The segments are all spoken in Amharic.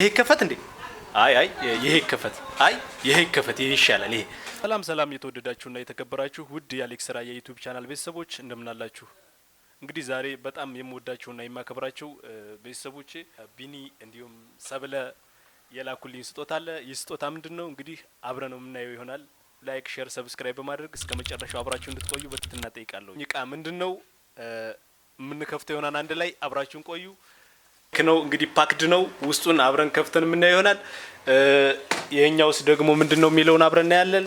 ይሄ ከፈት እንዴ? አይ አይ ይሄ ከፈት፣ አይ ይሄ ከፈት፣ ይሄ ይሻላል። ይሄ ሰላም ሰላም፣ የተወደዳችሁና የተከበራችሁ ውድ የአሌክስ ራያ የዩቲዩብ ቻናል ቤተሰቦች እንደምናላችሁ። እንግዲህ ዛሬ በጣም የምወዳችሁና የማከብራቸው ቤተሰቦቼ ቢኒ እንዲሁም ሰብለ የላኩልኝ ስጦታ አለ። ይህ ስጦታ ምንድን ነው? እንግዲህ አብረ ነው የምናየው ይሆናል። ላይክ፣ ሼር፣ ሰብስክራይብ በማድረግ እስከ መጨረሻው አብራችሁ እንድትቆዩ በትትና ጠይቃለሁ። እቃ ምንድን ነው? የምንከፍተው ይሆናል። አንድ ላይ አብራችሁን ቆዩ። ነው እንግዲህ ፓክድ ነው። ውስጡን አብረን ከፍተን የምናየው ይሆናል። ይህኛውስ ደግሞ ምንድን ነው የሚለውን አብረን እናያለን።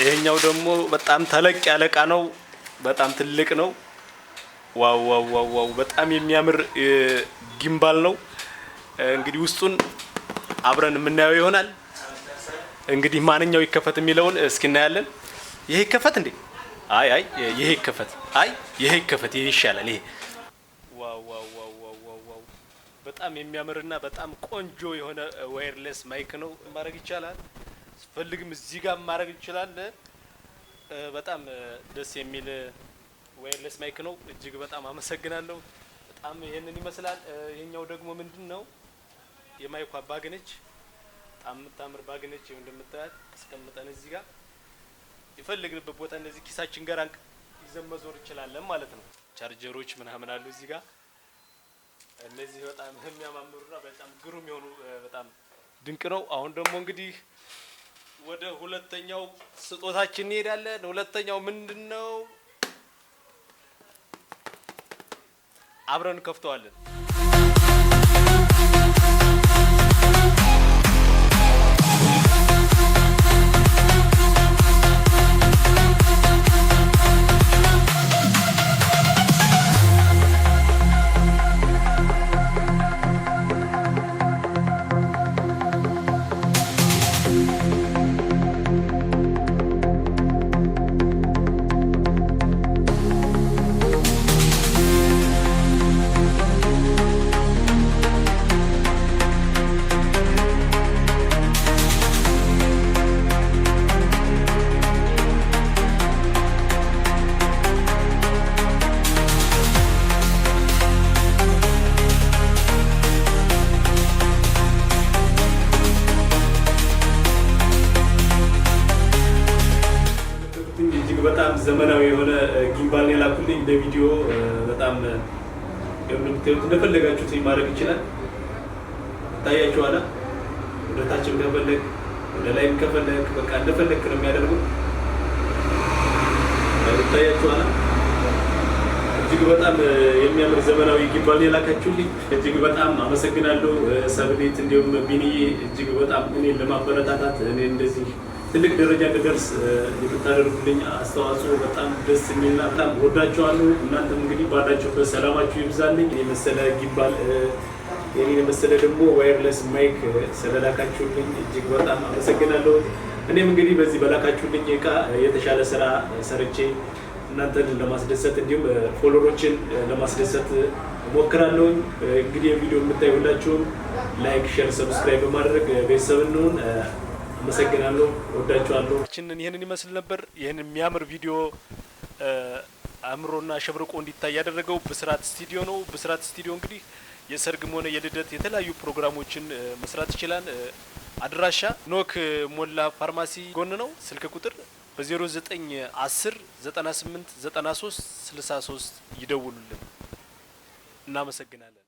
ይህኛው ደግሞ በጣም ተለቅ ያለ እቃ ነው። በጣም ትልቅ ነው። ዋው ዋው ዋው ዋው! በጣም የሚያምር ጊምባል ነው። እንግዲህ ውስጡን አብረን የምናየው ይሆናል። እንግዲህ ማንኛው ይከፈት የሚለውን እስኪ እናያለን። ይሄ ይከፈት እንዴ? አይ አይ፣ ይሄ ይከፈት። አይ ይሄ ይከፈት። ይሄ ይሻላል። ይሄ ዋው ዋው በጣም የሚያምርና በጣም ቆንጆ የሆነ ዋይርለስ ማይክ ነው። ማድረግ ይቻላል ስፈልግም እዚህ ጋር ማድረግ እንችላለን። በጣም ደስ የሚል ዋይርለስ ማይክ ነው። እጅግ በጣም አመሰግናለሁ። በጣም ይህንን ይመስላል። ይህኛው ደግሞ ምንድን ነው የማይኩ ባግነች በጣም የምታምር ባግነች። ይኸው እንደምታያት አስቀምጠን እዚህ ጋር የፈለግንበት ቦታ እንደዚህ ኪሳችን ጋር ይዘን መዞር እንችላለን ማለት ነው። ቻርጀሮች ምናምን አሉ እዚህ ጋር እነዚህ በጣም የሚያማምሩና በጣም ግሩም የሆኑ በጣም ድንቅ ነው። አሁን ደግሞ እንግዲህ ወደ ሁለተኛው ስጦታችን እንሄዳለን። ሁለተኛው ምንድን ነው? አብረን ከፍተዋለን። ዘመናዊ የሆነ ጊምባል የላኩልኝ በቪዲዮ በጣም የምታዩት እንደፈለጋችሁት ማድረግ ይችላል። ታያችኋላ። ወደታችም ከፈለግ ወደ ላይም ከፈለግ በቃ እንደፈለግ ነው የሚያደርጉት። ታያችኋላ። እጅግ በጣም የሚያምር ዘመናዊ ጊምባል የላካችሁልኝ እጅግ በጣም አመሰግናለሁ። ሰብሌት እንዲሁም ቢኒዬ እጅግ በጣም እኔን ለማበረታታት እኔ እንደዚህ ትልቅ ደረጃ እንድደርስ የምታደርጉልኝ አስተዋጽኦ በጣም ደስ የሚልና በጣም ወዳችኋለሁ። እናንተም እንግዲህ ባላችሁበት ሰላማችሁ ይብዛልኝ። የመሰለ ጊምባል የኔ የመሰለ ደግሞ ዋይርለስ ማይክ ስለላካችሁልኝ እጅግ በጣም አመሰግናለሁ። እኔም እንግዲህ በዚህ በላካችሁልኝ እቃ የተሻለ ስራ ሰርቼ እናንተን ለማስደሰት እንዲሁም ፎሎሮችን ለማስደሰት ሞክራለሁ። እንግዲህ የቪዲዮ የምታይ ላይክ፣ ሼር፣ ሰብስክራይብ በማድረግ ቤተሰብ እንሁን። አመሰግናለሁ። ወዳችኋለሁ። ችንን ይህንን ይመስል ነበር። ይህን የሚያምር ቪዲዮ አእምሮና ሸብርቆ እንዲታይ ያደረገው ብስራት ስቱዲዮ ነው። ብስራት ስቱዲዮ እንግዲህ የሰርግም ሆነ የልደት የተለያዩ ፕሮግራሞችን መስራት ይችላል። አድራሻ ኖክ ሞላ ፋርማሲ ጎን ነው። ስልክ ቁጥር በ0910 98 93 63 ይደውሉልን። እናመሰግናለን።